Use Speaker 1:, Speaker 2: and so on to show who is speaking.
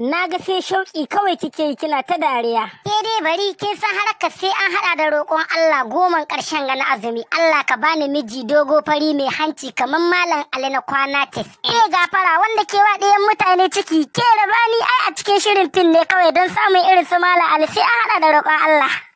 Speaker 1: Na ga sai shauƙi kawai kike yi kina ta dariya. Ke dai bari kin san harkar sai an haɗa da roƙon Allah goman ƙarshen ga na azumi. Allah ka bani miji dogo fari mai hanci kamar malam Ali na kwana tes. Eh gafara wanda ke wa ɗayan mutane ciki ke rabani ai a cikin shirin fin ne kawai don samun irin su malam Ali sai an haɗa da roƙon Allah.